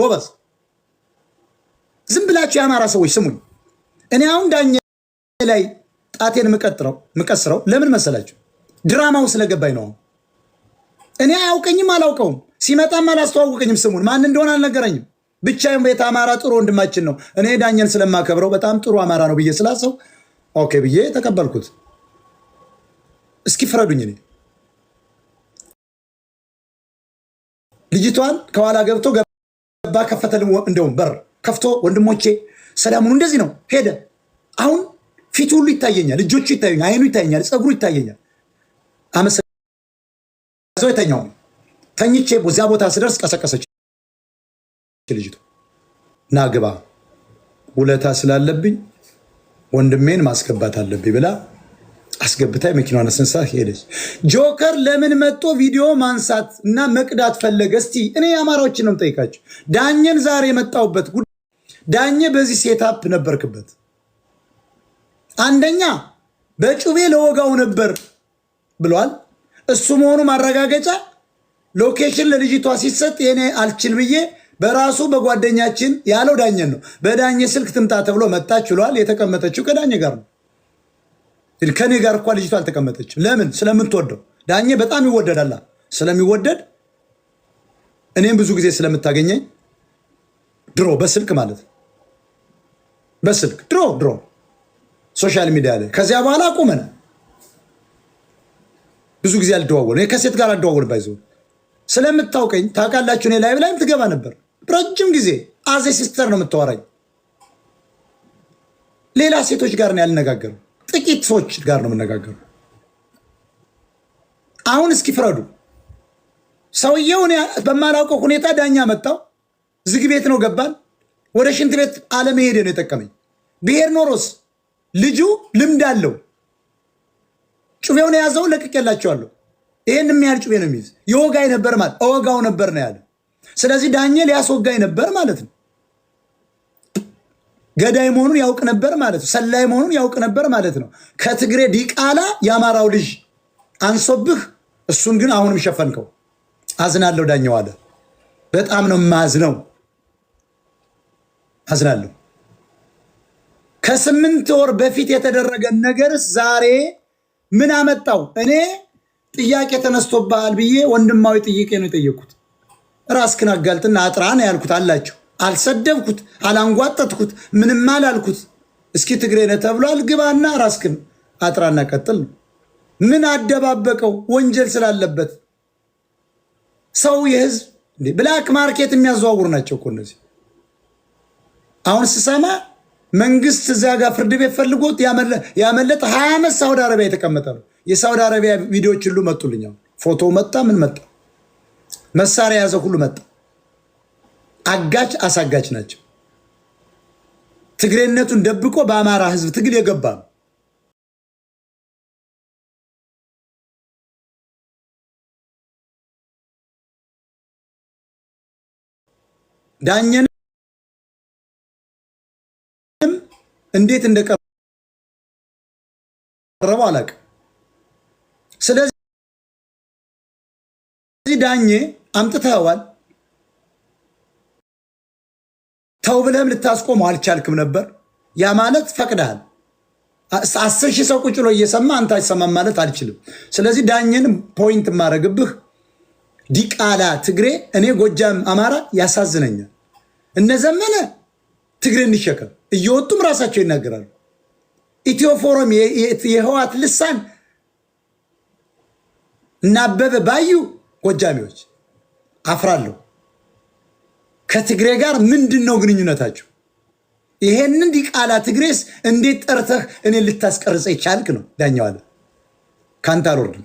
ጎበዝ ዝም ብላችሁ የአማራ ሰዎች ስሙኝ። እኔ አሁን ዳኛ ላይ ጣቴን ምቀስረው ለምን መሰላችሁ? ድራማው ስለገባኝ ነው። እኔ አያውቀኝም፣ አላውቀውም፣ ሲመጣም አላስተዋወቀኝም። ስሙን ማን እንደሆነ አልነገረኝም። ብቻዬን ቤት አማራ ጥሩ ወንድማችን ነው። እኔ ዳኘን ስለማከብረው በጣም ጥሩ አማራ ነው ብዬ ስላሰው ኦኬ ብዬ ተቀበልኩት። እስኪ ፍረዱኝ። እኔ ልጅቷን ከኋላ ገብቶ አባ ከፈተልን እንደውም በር ከፍቶ ወንድሞቼ ሰላሙኑ እንደዚህ ነው ሄደ። አሁን ፊቱ ሁሉ ይታየኛል፣ እጆቹ ይታየኛል፣ አይኑ ይታየኛል፣ ፀጉሩ ይታየኛል። አመሰው የተኛው ተኝቼ እዚያ ቦታ ስደርስ ቀሰቀሰች ልጅቱ ናግባ ውለታ ስላለብኝ ወንድሜን ማስገባት አለብኝ ብላ አስገብታ የመኪናዋን አስነሳ ሄደች። ጆከር ለምን መጥቶ ቪዲዮ ማንሳት እና መቅዳት ፈለገ? እስቲ እኔ አማራዎችን ነው የምጠይቃቸው። ዳኘን ዛሬ የመጣሁበት ዳኘ በዚህ ሴታፕ ነበርክበት። አንደኛ በጩቤ ለወጋው ነበር ብሏል። እሱ መሆኑ ማረጋገጫ ሎኬሽን ለልጅቷ ሲሰጥ የኔ አልችል ብዬ በራሱ በጓደኛችን ያለው ዳኘን ነው። በዳኘ ስልክ ትምጣ ተብሎ መጣች ብሏል። የተቀመጠችው ከዳኘ ጋር ነው። ከኔ ጋር እኳ ልጅቷ አልተቀመጠችም። ለምን? ስለምትወደው። ዳኜ በጣም ይወደዳላ። ስለሚወደድ እኔም ብዙ ጊዜ ስለምታገኘኝ ድሮ በስልክ ማለት በስልክ ድሮ ድሮ ሶሻል ሚዲያ ላይ ከዚያ በኋላ አቁመን ብዙ ጊዜ አልደዋወል ከሴት ጋር አልደዋወል ባይዘ ስለምታውቀኝ ታውቃላችሁ። እኔ ላይ ላይም ትገባ ነበር ረጅም ጊዜ አዜ ሲስተር ነው የምታወራኝ። ሌላ ሴቶች ጋር ነው ያልነጋገረው ጥቂት ሰዎች ጋር ነው የምነጋገሩ። አሁን እስኪ ፍረዱ። ሰውየውን በማላውቀው ሁኔታ ዳኛ መጣው፣ ዝግ ቤት ነው ገባል። ወደ ሽንት ቤት አለመሄድ ነው የጠቀመኝ። ብሔር ኖሮስ ልጁ ልምድ አለው። ጩቤውን የያዘው ለቅቄላቸዋለሁ። ይህን የሚያህል ጩቤ ነው የሚይዝ። የወጋ ነበር ማለት እወጋው ነበር ነው ያለ። ስለዚህ ዳኛ ሊያስወጋኝ ነበር ማለት ነው። ገዳይ መሆኑን ያውቅ ነበር ማለት ነው። ሰላይ መሆኑን ያውቅ ነበር ማለት ነው። ከትግሬ ዲቃላ የአማራው ልጅ አንሶብህ፣ እሱን ግን አሁንም ሸፈንከው። አዝናለሁ ዳኘው አለ። በጣም ነው የማዝነው፣ አዝናለሁ። ከስምንት ወር በፊት የተደረገን ነገርስ ዛሬ ምን አመጣው? እኔ ጥያቄ ተነስቶብሃል ብዬ ወንድማዊ ጥያቄ ነው የጠየኩት። ራስክን አጋልጥና አጥራን ያልኩት አላቸው። አልሰደብኩት፣ አላንጓጠትኩት ምንም አላልኩት። እስኪ ትግሬ ነህ ተብሏል፣ ግባና ራስክን አጥራና ቀጥል ነው። ምን አደባበቀው? ወንጀል ስላለበት ሰው የህዝብ ብላክ ማርኬት የሚያዘዋውሩ ናቸው እኮ እነዚህ። አሁን ስሰማ መንግስት እዚያ ጋር ፍርድ ቤት ፈልጎት ያመለጠ ሀያ ዓመት ሳውዲ አረቢያ የተቀመጠ ነው። የሳውዲ አረቢያ ቪዲዮዎች ሁሉ መጡልኛል። ፎቶ መጣ፣ ምን መጣ፣ መሳሪያ የያዘ ሁሉ መጣ። አጋች አሳጋች ናቸው። ትግሬነቱን ደብቆ በአማራ ህዝብ ትግል የገባ ነው። ዳኘንም እንዴት እንደቀረበው አላውቅም። ስለዚህ ዳኘ አምጥተዋል። ተው ብለህም ልታስቆሙ አልቻልክም ነበር። ያ ማለት ፈቅደሃል። አስር ሺህ ሰው ቁጭሎ እየሰማ አንተ አይሰማም ማለት አልችልም። ስለዚህ ዳኝን ፖይንት የማደርግብህ ዲቃላ ትግሬ፣ እኔ ጎጃም አማራ ያሳዝነኛል። እነዘመነ ትግሬ እንሸከም እየወጡም ራሳቸው ይናገራሉ። ኢትዮ ፎረም የህዋት ልሳን እናበበ ባዩ ጎጃሚዎች አፍራለሁ። ከትግሬ ጋር ምንድን ነው ግንኙነታቸው? ይሄንን ዲቃላ ትግሬስ እንዴት ጠርተህ እኔ ልታስቀርጸ ይቻልክ ነው ዳኛዋለ። ከአንተ አልወርድም።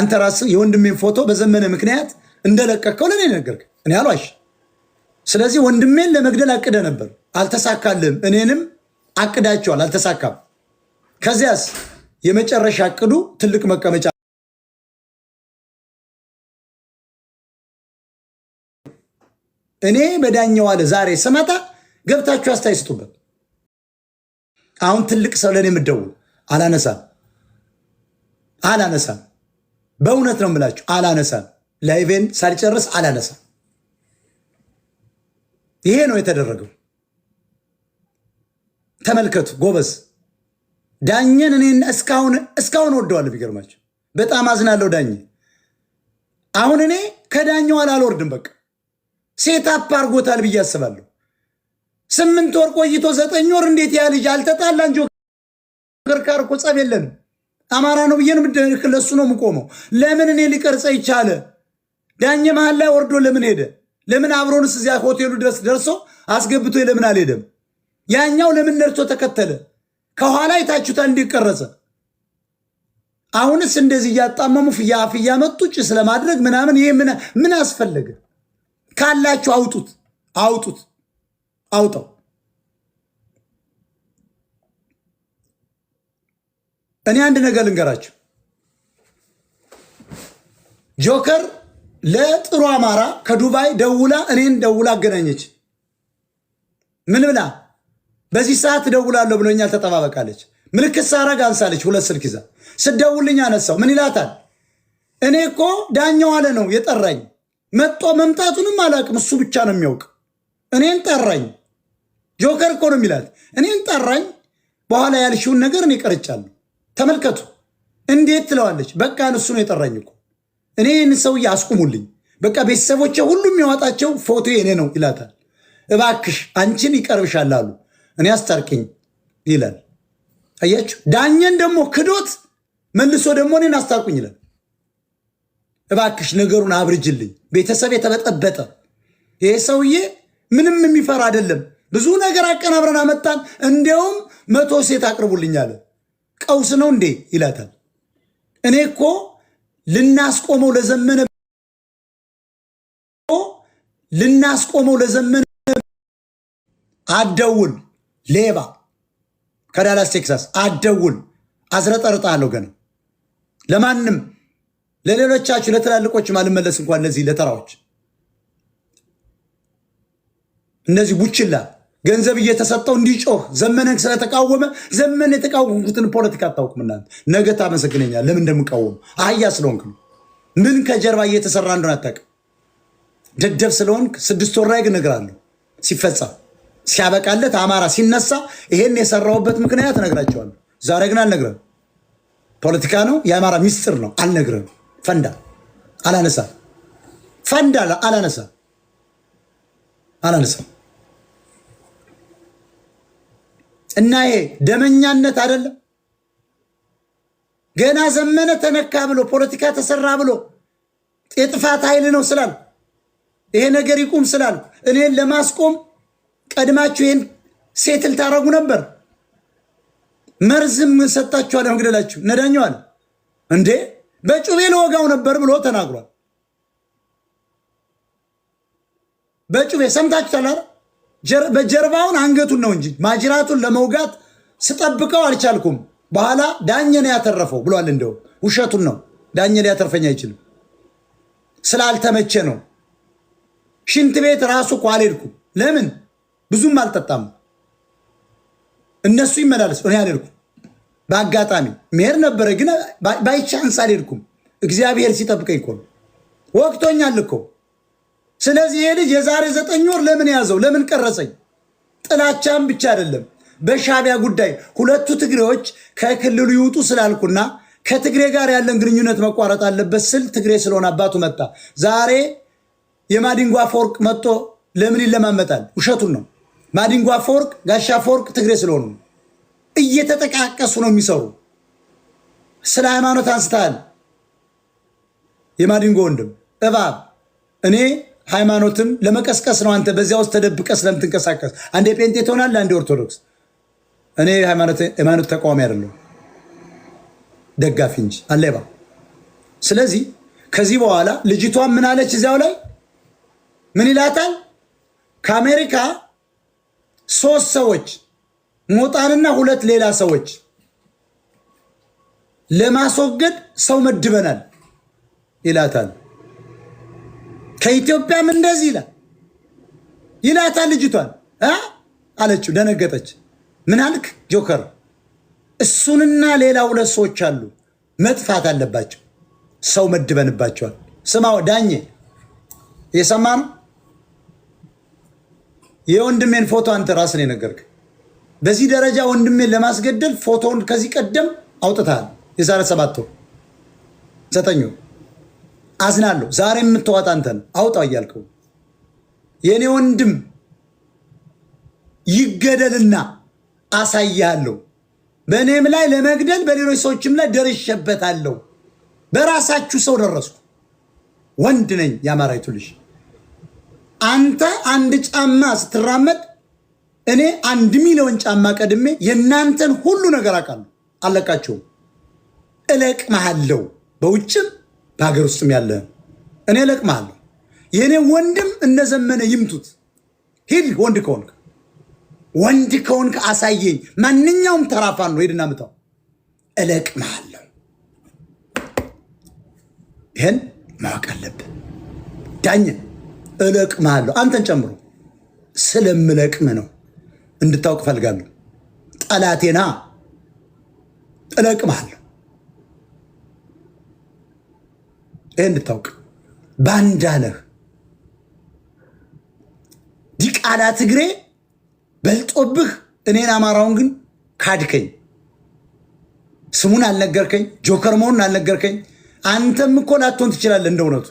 አንተ ራስህ የወንድሜን ፎቶ በዘመነ ምክንያት እንደለቀቅከው ለእኔ ነገርክ፣ እኔ አሏሽ። ስለዚህ ወንድሜን ለመግደል አቅደ ነበር፣ አልተሳካልም። እኔንም አቅዳቸዋል፣ አልተሳካም። ከዚያስ የመጨረሻ እቅዱ ትልቅ መቀመጫ እኔ በዳኛው ዋለ ዛሬ ስመጣ ገብታችሁ አስተያየት ስጡበት። አሁን ትልቅ ሰው ለእኔ የምትደውሉ አላነሳም፣ አላነሳም። በእውነት ነው የምላችሁ አላነሳም። ላይቬን ሳልጨርስ አላነሳም። ይሄ ነው የተደረገው። ተመልከቱ ጎበዝ ዳኘን። እኔን እስካሁን እስካሁን ወደዋለሁ። ቢገርማችሁ በጣም አዝናለሁ ዳኘ። አሁን እኔ ከዳኘው አላልወርድም በቃ ሴት አፕ ብዬ አስባለሁ። ስምንት ወር ቆይቶ ዘጠኝ ወር እንዴት ያ ልጅ አልተጣላ እንጂ ከርካር እኮ ጸብ የለንም። አማራ ነው ብዬ ለሱ ነው የምቆመው። ለምን እኔ ሊቀርጸ ይቻለ ዳኘ መሀል ላይ ወርዶ ለምን ሄደ? ለምን አብሮንስ እዚያ ሆቴሉ ድረስ ደርሶ አስገብቶ ለምን አልሄደም? ያኛው ለምን ነርቶ ተከተለ? ከኋላ የታችሁታል እንዲቀረጸ አሁንስ እንደዚህ እያጣመሙ ፍያ ፍያ መጡ ጭስ ለማድረግ ምናምን ይሄ ምን አስፈለገ? ካላችሁ አውጡት፣ አውጡት፣ አውጠው። እኔ አንድ ነገር ልንገራችሁ። ጆከር ለጥሩ አማራ ከዱባይ ደውላ እኔን ደውላ አገናኘች። ምን ብላ በዚህ ሰዓት እደውላለሁ ብሎኛል፣ ተጠባበቃለች። ምልክት ሳረግ አንሳለች። ሁለት ስልክ ይዛ ስደውልኝ አነሳው። ምን ይላታል? እኔ እኮ ዳኛው አለ ነው የጠራኝ መጦ መምጣቱንም አላቅም እሱ ብቻ ነው የሚያውቅ። እኔን ጠራኝ። ጆከር እኮ ነው የሚላት። እኔን ጠራኝ። በኋላ ያልሽውን ነገር እኔ ቀርጫለሁ። ተመልከቱ እንዴት ትለዋለች። በቃ እሱ ነው የጠራኝ እኮ እኔ ይህን ሰውዬ አስቁሙልኝ፣ በቃ ቤተሰቦቼ ሁሉም የሚያወጣቸው ፎቶ የእኔ ነው ይላታል። እባክሽ አንቺን ይቀርብሻል አሉ። እኔ አስታርቅኝ ይላል። አያችሁ፣ ዳኘን ደግሞ ክዶት መልሶ ደግሞ እኔን አስታርቁኝ ይላል። እባክሽ ነገሩን አብርጅልኝ። ቤተሰብ የተበጠበጠ ይሄ ሰውዬ ምንም የሚፈራ አይደለም። ብዙ ነገር አቀናብረን አመጣን። እንዲያውም መቶ ሴት አቅርቡልኝ አለ። ቀውስ ነው እንዴ ይላታል። እኔ እኮ ልናስቆመው ለዘመነ ልናስቆመው ለዘመነ አደውል ሌባ ከዳላስ ቴክሳስ አደውል አዝረጠርጣለሁ ገና ለማንም ለሌሎቻችሁ ለትላልቆች አልመለስ እንኳን እነዚህ ለተራዎች እነዚህ ቡችላ ገንዘብ እየተሰጠው እንዲጮህ ዘመነን ስለተቃወመ ዘመን የተቃወምኩትን ፖለቲካ አታውቅም እናንተ። ነገ ታመሰግነኛል። ለምን እንደምቃወሙ አህያ ስለሆንክ ነው። ምን ከጀርባ እየተሰራ እንደሆነ አታውቅም። ደደብ ስለሆንክ ስድስት ወር ላይ ግን እነግራለሁ። ሲፈጸም ሲያበቃለት አማራ ሲነሳ ይሄን የሰራውበት ምክንያት እነግራቸዋለሁ። ዛሬ ግን አልነግረም። ፖለቲካ ነው፣ የአማራ ሚስጥር ነው። አልነግረም። ፈንዳ አላነሳ ፈንዳ አላነሳ አላነሳ እና ይሄ ደመኛነት አይደለም። ገና ዘመነ ተነካ ብሎ ፖለቲካ ተሰራ ብሎ የጥፋት ኃይል ነው ስላል ይሄ ነገር ይቁም ስላል እኔን ለማስቆም ቀድማችሁ ይህን ሴትል ታረጉ ነበር። መርዝም ሰጣችኋል፣ ግደላችሁ ነዳኘዋል እንዴ በጩቤ ልወጋው ነበር ብሎ ተናግሯል። በጩቤ ሰምታችኋል። በጀርባውን አንገቱን ነው እንጂ ማጅራቱን ለመውጋት ስጠብቀው አልቻልኩም። በኋላ ዳኘ ነው ያተረፈው ብሏል። እንደውም ውሸቱን ነው። ዳኘ ሊያተርፈኝ አይችልም። ስላልተመቸ ነው። ሽንት ቤት ራሱ እኮ አልሄድኩም። ለምን? ብዙም አልጠጣም። እነሱ ይመላለስ እኔ አልሄድኩም። በአጋጣሚ መሄድ ነበረ፣ ግን ባይቻንስ አልሄድኩም። እግዚአብሔር ሲጠብቀኝ እኮ ወቅቶኛል እኮ። ስለዚህ ይሄ ልጅ የዛሬ ዘጠኝ ወር ለምን ያዘው? ለምን ቀረጸኝ? ጥላቻም ብቻ አይደለም። በሻቢያ ጉዳይ ሁለቱ ትግሬዎች ከክልሉ ይውጡ ስላልኩና ከትግሬ ጋር ያለን ግንኙነት መቋረጥ አለበት ስል ትግሬ ስለሆነ አባቱ መጣ። ዛሬ የማዲንጎ አፈወርቅ መጥቶ ለምን ይለማመጣል? ውሸቱን ነው። ማዲንጎ አፈወርቅ፣ ጋሻ አፈወርቅ ትግሬ ስለሆኑ እየተጠቃቀሱ ነው የሚሰሩ። ስለ ሃይማኖት አንስተሃል የማዲንጎ ወንድም እባብ እኔ ሃይማኖትም ለመቀስቀስ ነው። አንተ በዚያ ውስጥ ተደብቀ ስለምትንቀሳቀስ አንዴ ጴንጤ ትሆናለህ፣ አንዴ ኦርቶዶክስ። እኔ ሃይማኖት ተቃዋሚ አይደለሁ ደጋፊ እንጂ አለ ስለዚህ ከዚህ በኋላ ልጅቷን ምን አለች? እዚያው ላይ ምን ይላታል? ከአሜሪካ ሶስት ሰዎች ሞጣንና ሁለት ሌላ ሰዎች ለማስወገድ ሰው መድበናል ይላታል። ከኢትዮጵያም እንደዚህ ይላል ይላታል። ልጅቷን አለችው፣ ደነገጠች። ምን አልክ ጆከር? እሱንና ሌላ ሁለት ሰዎች አሉ መጥፋት አለባቸው። ሰው መድበንባቸዋል። ስማው ዳኘ የሰማ ነው የወንድሜን ፎቶ አንተ ራስን የነገርክ በዚህ ደረጃ ወንድሜን ለማስገደል ፎቶውን ከዚህ ቀደም አውጥታል። የዛሬ ሰባት ዘጠኝ አዝናለሁ። ዛሬ የምትዋጣ አንተን አውጣ እያልከው የእኔ ወንድም ይገደልና አሳያለሁ። በእኔም ላይ ለመግደል በሌሎች ሰዎችም ላይ ደርሸበታለሁ በራሳችሁ ሰው ደረስኩ። ወንድ ነኝ። የአማራዊቱ ልጅ አንተ አንድ ጫማ ስትራመድ እኔ አንድ ሚሊዮን ጫማ ቀድሜ የእናንተን ሁሉ ነገር አውቃለሁ። አለቃቸው እለቅምሃለሁ፣ በውጭም በሀገር ውስጥም ያለህን እኔ እለቅመሃለሁ። የእኔ ወንድም እነዘመነ ይምቱት። ሂድ ወንድ ከሆንክ ወንድ ከሆንክ አሳየኝ። ማንኛውም ተራፋን ነው ሄድና ምታው፣ እለቅመሃለሁ። ይህን ማወቅ አለብን። ዳኝ እለቅመሃለሁ፣ አንተን ጨምሮ ስለምለቅም ነው። እንድታውቅ ፈልጋለሁ። ጠላቴና እለቅምሃለሁ። ይህ እንድታውቅ ባንዳለህ ነህ። ዲቃላ ትግሬ በልጦብህ፣ እኔን አማራውን ግን ካድከኝ። ስሙን አልነገርከኝ፣ ጆከር መሆኑን አልነገርከኝ። አንተም እኮ ላትሆን ትችላለህ። እንደ እውነቱ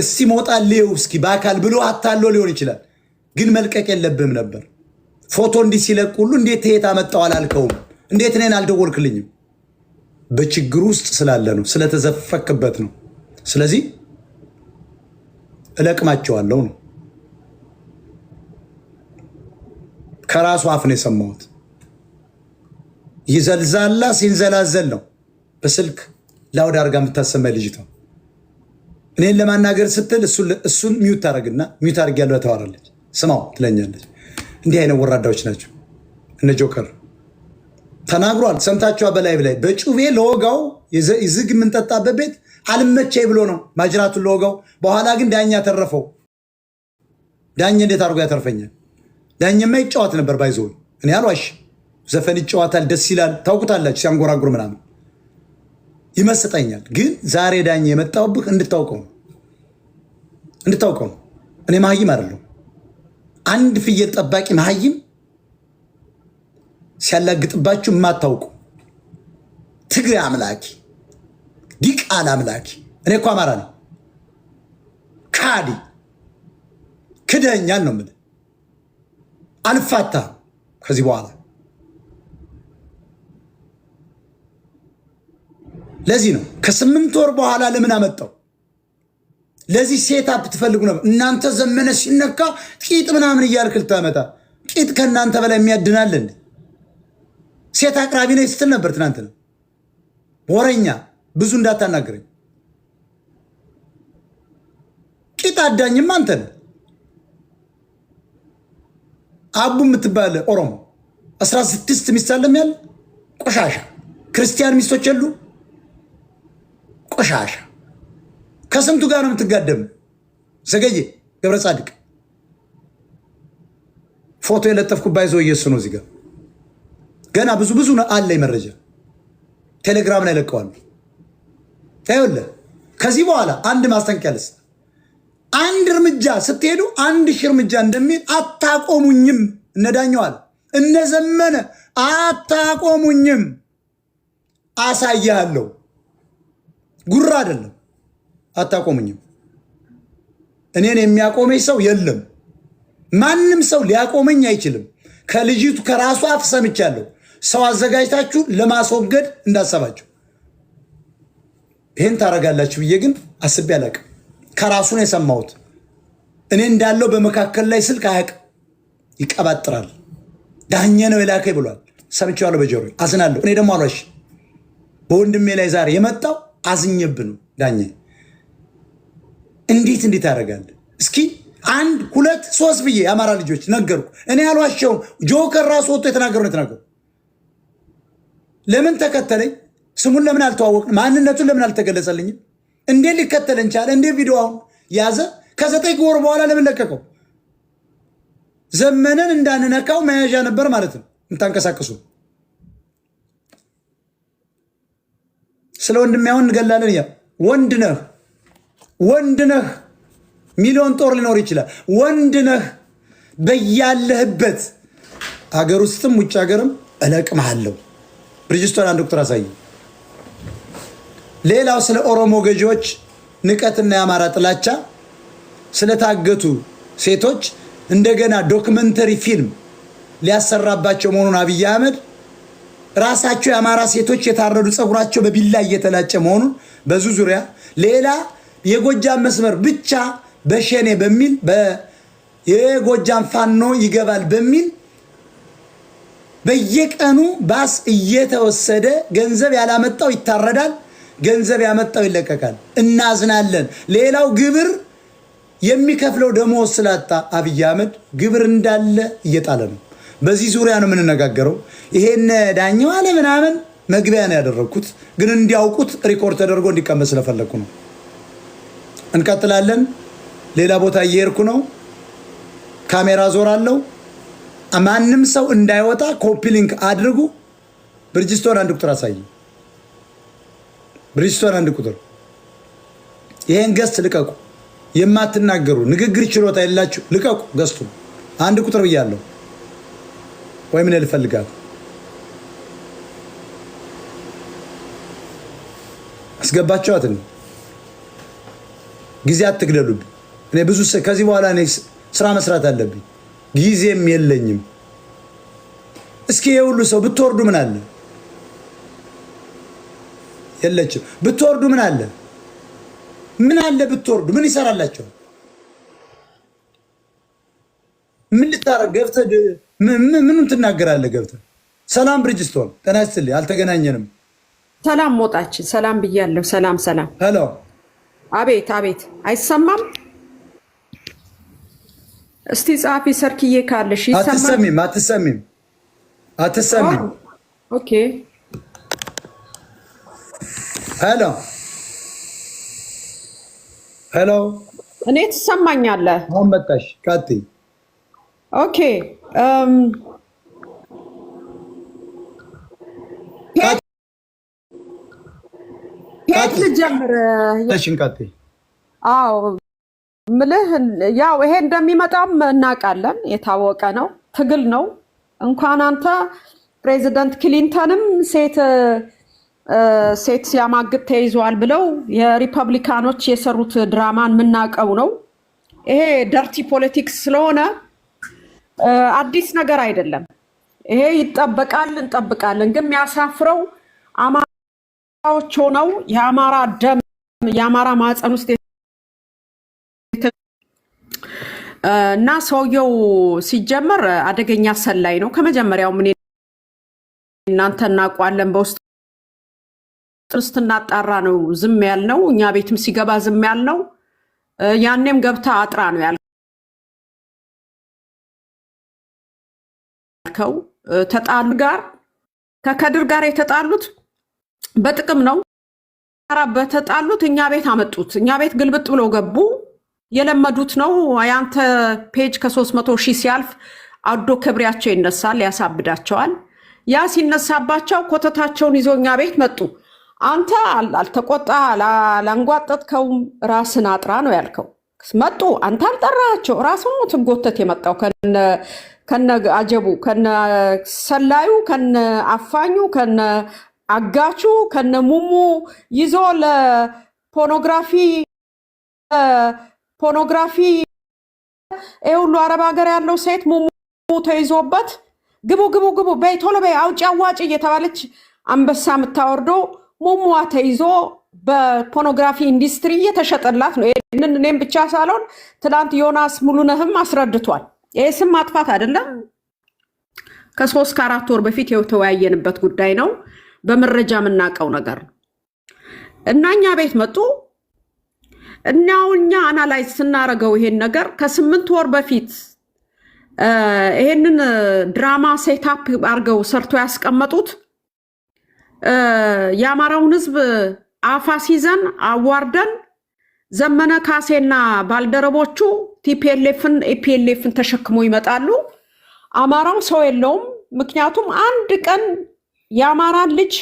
እስቲ ሞጣ ልየው እስኪ በአካል ብሎ አታሎ ሊሆን ይችላል ግን መልቀቅ የለብህም ነበር። ፎቶ እንዲህ ሲለቅ ሁሉ እንዴት ተየት አመጣው አላልከውም? እንዴት እኔን አልደወልክልኝም? በችግር ውስጥ ስላለ ነው፣ ስለተዘፈክበት ነው። ስለዚህ እለቅማቸዋለሁ ነው። ከራሱ አፍ ነው የሰማሁት። ይዘልዛላ ሲንዘላዘል ነው በስልክ ላውድ አድርጋ የምታሰማ ልጅቷ እኔን ለማናገር ስትል እሱን ሚዩት አረግና ሚዩት አርግ ያለ ተዋራለች ስማው ትለኛለች። እንዲህ አይነት ወራዳዎች ናቸው እነ ጆከር። ተናግሯል፣ ሰምታችኋ። በላይ ብላይ በጩቤ ለወጋው ዝግ የምንጠጣበት ቤት አልመቼ ብሎ ነው ማጅራቱን ለወጋው። በኋላ ግን ዳኛ ተረፈው። ዳኛ እንዴት አድርጎ ያተርፈኛል? ዳኘማ ይጫወት ነበር ባይዞ። እኔ አልዋሽ፣ ዘፈን ይጫወታል፣ ደስ ይላል። ታውቁታላችሁ፣ ሲያንጎራጉር ምናምን ይመስጠኛል። ግን ዛሬ ዳኛ የመጣውብህ እንድታውቀው እንድታውቀው እኔ ማህይም አይደለሁ። አንድ ፍየል ጠባቂ መሀይም ሲያላግጥባችሁ የማታውቁ ትግሬ አምላኪ ዲቃል አምላኪ። እኔ እኮ አማራ ነው፣ ካዲ ክደኛል ነው ምን አልፋታ ከዚህ በኋላ ለዚህ ነው ከስምንት ወር በኋላ ለምን አመጣው ለዚህ ሴት አፕ ትፈልጉ ነበር። እናንተ ዘመነ ሲነካ ቂጥ ምናምን እያልክ ልታመጣ ቂጥ ከእናንተ በላይ የሚያድናለን። ሴት አቅራቢ ነ ስትል ነበር ትናንት ነው። ወረኛ ብዙ እንዳታናግረኝ። ቂጥ አዳኝም አንተ ነ አቡ የምትባል ኦሮሞ አስራ ስድስት ሚስት አለም ያለ ቆሻሻ ክርስቲያን ሚስቶች የሉ ቆሻሻ ከስንቱ ጋር ነው የምትጋደም? ዘገየ ገብረ ጻድቅ ፎቶ የለጠፍኩ ባይዞ እየሱ ነው እዚህ ጋር ገና ብዙ ብዙ አለኝ መረጃ ቴሌግራም ላይ ለቀዋል። ይኸውልህ ከዚህ በኋላ አንድ ማስጠንቀቂያ ልስ አንድ እርምጃ ስትሄዱ አንድ ሺህ እርምጃ እንደሚል አታቆሙኝም። እነዳኘዋል እነዘመነ አታቆሙኝም። አሳያለሁ። ጉራ አይደለም አታቆሙኝም። እኔን የሚያቆመኝ ሰው የለም። ማንም ሰው ሊያቆመኝ አይችልም። ከልጅቱ ከራሷ አፍ ሰምቻለሁ። ሰው አዘጋጅታችሁ ለማስወገድ እንዳሰባችሁ ይህን ታደርጋላችሁ ብዬ ግን አስቤ አላቅም። ከራሱ ነው የሰማሁት። እኔ እንዳለው በመካከል ላይ ስልክ አያቅ ይቀባጥራል። ዳኘ ነው የላከኝ ብሏል። ሰምቼዋለሁ በጆሮ አዝናለሁ። እኔ ደግሞ አሏሽ በወንድሜ ላይ ዛሬ የመጣው አዝኜብን ዳኘ እንዴት እንዴት ያደርጋል? እስኪ አንድ ሁለት ሶስት ብዬ የአማራ ልጆች ነገርኩ። እኔ ያሏቸውም ጆከር ራሱ ወጥቶ የተናገሩ የተናገሩ። ለምን ተከተለኝ? ስሙን ለምን አልተዋወቅን? ማንነቱን ለምን አልተገለጸልኝም? እንዴት ሊከተለኝ ቻለ? እንዴት ቪዲዮውን ያዘ? ከዘጠኝ ወር በኋላ ለምን ለቀቀው? ዘመነን እንዳንነካው መያዣ ነበር ማለት ነው እንታንቀሳቀሱ ስለ ወንድሜ አሁን እንገላለን። ያ ወንድ ነህ ወንድ ነህ። ሚሊዮን ጦር ሊኖር ይችላል። ወንድ ነህ። በያለህበት ሀገር ውስጥም ውጭ ሀገርም እለቅምሃለሁ። ብሪጅስቶን አንድ ቁጥር አሳይ። ሌላው ስለ ኦሮሞ ገዢዎች ንቀትና የአማራ ጥላቻ ስለታገቱ ሴቶች እንደገና ዶክመንተሪ ፊልም ሊያሰራባቸው መሆኑን አብይ አህመድ ራሳቸው የአማራ ሴቶች የታረዱ ፀጉራቸው በቢላ እየተላጨ መሆኑን በዙ ዙሪያ ሌላ የጎጃም መስመር ብቻ በሸኔ በሚል የጎጃም ፋኖ ይገባል በሚል በየቀኑ ባስ እየተወሰደ ገንዘብ ያላመጣው ይታረዳል፣ ገንዘብ ያመጣው ይለቀቃል። እናዝናለን። ሌላው ግብር የሚከፍለው ደሞዝ ስላጣ አብይ አህመድ ግብር እንዳለ እየጣለ ነው። በዚህ ዙሪያ ነው የምንነጋገረው። ይሄን ዳኛው አለ ምናምን መግቢያ ነው ያደረግኩት፣ ግን እንዲያውቁት ሪኮርድ ተደርጎ እንዲቀመጥ ስለፈለግኩ ነው። እንቀጥላለን። ሌላ ቦታ እየሄድኩ ነው። ካሜራ ዞራለሁ። ማንም ሰው እንዳይወጣ ኮፒሊንክ አድርጉ። ብርጅስቶን አንድ ቁጥር አሳይ። ብርጅስቶን አንድ ቁጥር ይሄን ገስት ልቀቁ። የማትናገሩ ንግግር ችሎታ የላችሁ ልቀቁ። ገስቱ አንድ ቁጥር ብያለሁ። ወይም ምን ልፈልጋል? ጊዜ አትግደሉብኝ። እኔ ብዙ ከዚህ በኋላ እኔ ስራ መስራት አለብኝ፣ ጊዜም የለኝም። እስኪ የሁሉ ሰው ብትወርዱ ምን አለ? የለችም። ብትወርዱ ምን አለ? ምን አለ ብትወርዱ? ምን ይሰራላቸው? ምን ልታረግ ገብተህ ምንም ትናገራለህ ገብተህ። ሰላም ብርጅስቶን ጤና ይስጥልኝ። አልተገናኘንም። ሰላም ሞጣችን፣ ሰላም ብያለሁ። ሰላም ሰላም። ሄሎ አቤት አቤት፣ አይሰማም። እስቲ ጸሐፊ ሰርክዬ ካለሽ አትሰሚም፣ አትሰሚም፣ አትሰሚም። ኦኬ ሄሎ፣ ሄሎ፣ እኔ ትሰማኛለህ? አሁን መጣሽ። ቀጥይ። ኦኬ አዎ ምልህ ያው ይሄ እንደሚመጣም እናውቃለን። የታወቀ ነው። ትግል ነው። እንኳን አንተ ፕሬዚደንት ክሊንተንም ሴት ሴት ሲያማግጥ ተይዘዋል ብለው የሪፐብሊካኖች የሰሩት ድራማን የምናውቀው ነው። ይሄ ደርቲ ፖለቲክስ ስለሆነ አዲስ ነገር አይደለም። ይሄ ይጠበቃል፣ እንጠብቃለን። ግን የሚያሳፍረው ዎች ሆነው የአማራ ደም የአማራ ማህፀን ውስጥ እና ሰውየው ሲጀመር አደገኛ ሰላይ ነው። ከመጀመሪያው ምን እናንተ እናውቀዋለን። በውስጥ ስናጣራ ነው ዝም ያልነው። እኛ ቤትም ሲገባ ዝም ያልነው። ያኔም ገብታ አጥራ ነው ያልከው። ተጣሉ ጋር ከከድር ጋር የተጣሉት በጥቅም ነው ራ በተጣሉት እኛ ቤት አመጡት። እኛ ቤት ግልብጥ ብለው ገቡ። የለመዱት ነው። ያንተ ፔጅ ከሶስት መቶ ሺህ ሲያልፍ አዶ ክብሪያቸው ይነሳል፣ ያሳብዳቸዋል። ያ ሲነሳባቸው ኮተታቸውን ይዘው እኛ ቤት መጡ። አንተ አልተቆጣ ላንጓጠጥከውም ራስን አጥራ ነው ያልከው። መጡ። አንተ አልጠራቸው። ራስ ትንጎተት የመጣው ከነ አጀቡ፣ ከነ ሰላዩ፣ ከነ አፋኙ፣ ከነ አጋቹ ከነሙሙ ይዞ ለፖርኖግራፊ ፖርኖግራፊ ይህ ሁሉ አረብ ሀገር ያለው ሴት ሙሙ ተይዞበት ግቡ ግቡ ግቡ በይ ቶሎ በይ አውጪ አዋጭ እየተባለች አንበሳ የምታወርዶ ሙሙዋ ተይዞ በፖርኖግራፊ ኢንዱስትሪ እየተሸጠላት ነው። ይህንን እኔም ብቻ ሳልሆን ትናንት ዮናስ ሙሉነህም አስረድቷል። ይህ ስም ማጥፋት አይደለም፣ ከሶስት ከአራት ወር በፊት የተወያየንበት ጉዳይ ነው። በመረጃ የምናውቀው ነገር ነው። እና እኛ ቤት መጡ እና እኛ አናላይዝ ስናደርገው ይሄን ነገር ከስምንት ወር በፊት ይሄንን ድራማ ሴታፕ አድርገው ሰርቶ ያስቀመጡት የአማራውን ሕዝብ አፋሲዘን አዋርደን ዘመነ ካሴና ባልደረቦቹ ቲፒኤልኤፍን ኢፒኤልኤፍን ተሸክሞ ይመጣሉ። አማራው ሰው የለውም። ምክንያቱም አንድ ቀን የአማራን ልጅ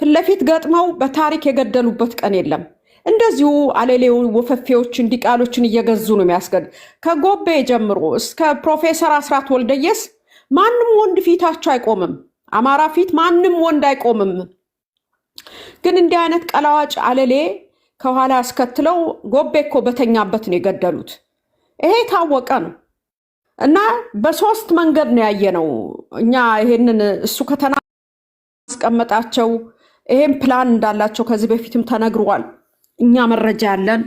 ፊት ለፊት ገጥመው በታሪክ የገደሉበት ቀን የለም። እንደዚሁ አሌሌው ወፈፌዎች እንዲቃሎችን እየገዙ ነው የሚያስገድ ከጎቤ ጀምሮ እስከ ፕሮፌሰር አስራት ወልደየስ ማንም ወንድ ፊታቸው አይቆምም። አማራ ፊት ማንም ወንድ አይቆምም። ግን እንዲህ አይነት ቀላዋጭ አለሌ ከኋላ ያስከትለው ጎቤ እኮ በተኛበት ነው የገደሉት። ይሄ ታወቀ ነው እና በሶስት መንገድ ነው ነው እኛ ይሄንን እሱ ከተና ማስቀመጣቸው ይሄም ፕላን እንዳላቸው ከዚህ በፊትም ተነግሯል። እኛ መረጃ ያለን